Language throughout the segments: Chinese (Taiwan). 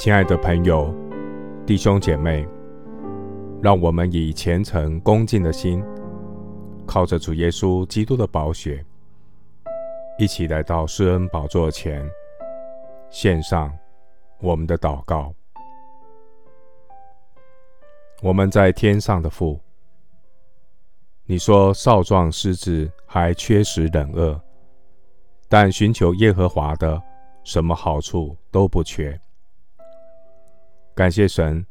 親愛的朋友、弟兄姐妹，讓我們以虔誠恭敬的心，靠着主耶穌基督的寶血，一起來到施恩寶座前，獻上我們的禱告。我們在天上的父，你說，少壯獅子還缺食忍餓，但尋求耶和華的，什麼好處都不缺。感謝神，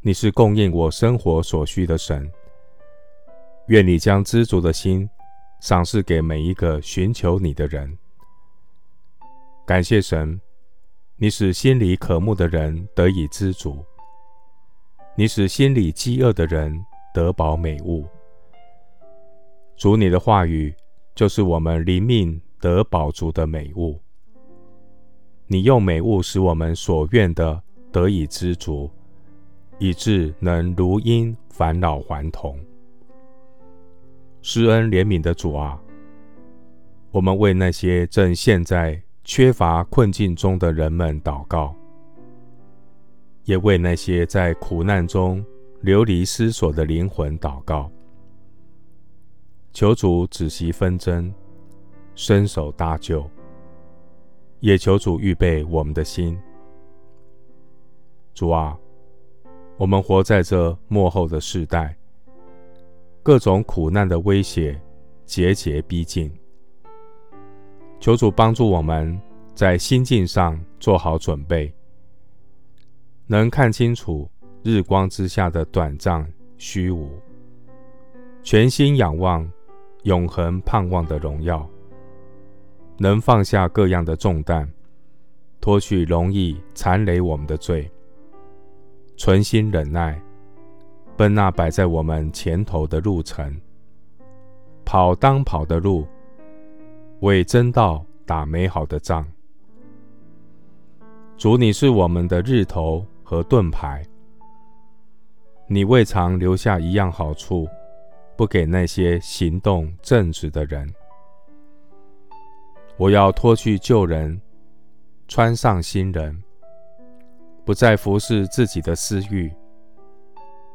你是供應我生活所需的神。願你將知足的心賞賜給每一個尋求你的人。感謝神，你使心裡渴慕的人得以知足，你使心裡飢餓的人得飽美物。主，你的話語就是我們靈命得飽足的美物。你用美物使我們所願的。得以知足，以致能如鷹返老還童。施恩憐憫的主啊，我們為那些正陷在缺乏困境中的人們禱告，也為那些在苦難中流離失所的靈魂禱告。求主止息紛爭，伸手搭救，也求主預備我們的心。主啊，我們活在這末後的世代，各種苦難的威脅節節逼近。求主幫助我們在心境上做好準備，能看清楚日光之下的短暫虛無，全心仰望永恆盼望的榮耀，能放下各樣的重擔，脫去容易纏累我們的罪。存心忍耐，奔那擺在我們前頭的路程。跑當跑的路，為真道打美好的仗。主，你是我們的日頭和盾牌。你未嘗留下一樣好處，不給那些行動正直的人。我要脫去舊人，穿上新人。不再服侍自己的私欲，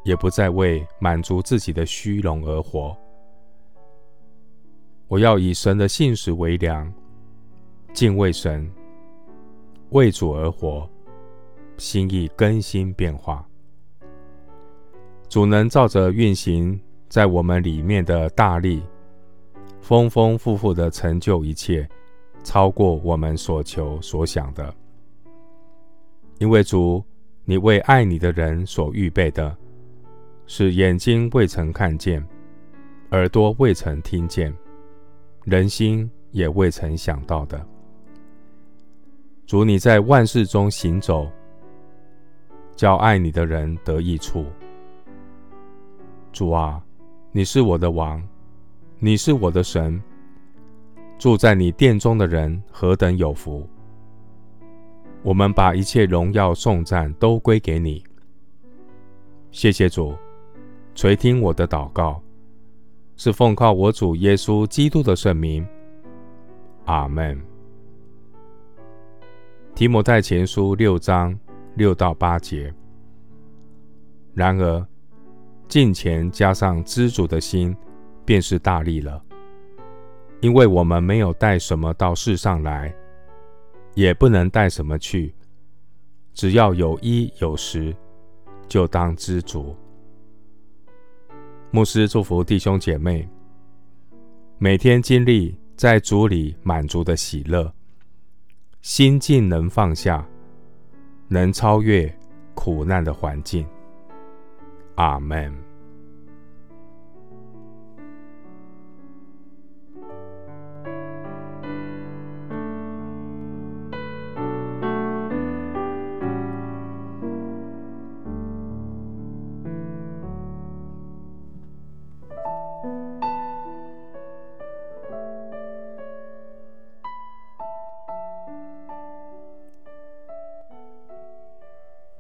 也不再為滿足自己的虛榮而活。我要以神的信實為糧，敬畏神，為主而活，心意更新變化。主能照着運行在我們裡面的大力，豐豐富富的成就一切，超過我們所求所想的。因為主，你為愛你的人所預備的，是眼睛未曾看見，耳朵未曾聽見，人心也未曾想到的。主，你在萬事中行走，叫愛你的人得益處。主啊，你是我的王，你是我的神，住在你殿中的人何等有福！我們把一切榮耀頌讚都歸給你，謝謝主垂聽我的禱告，是奉靠我主耶穌基督的聖名。阿門。提摩太前書六章六到八節，然而敬虔加上知足的心，便是大利了，因為我們沒有帶什麼到世上來。也不能帶什麼去，只要有衣有食，就當知足。牧師祝福弟兄姐妹，每天經歷在主裡滿足的喜樂，心境能放下，能超越苦難的環境。阿門。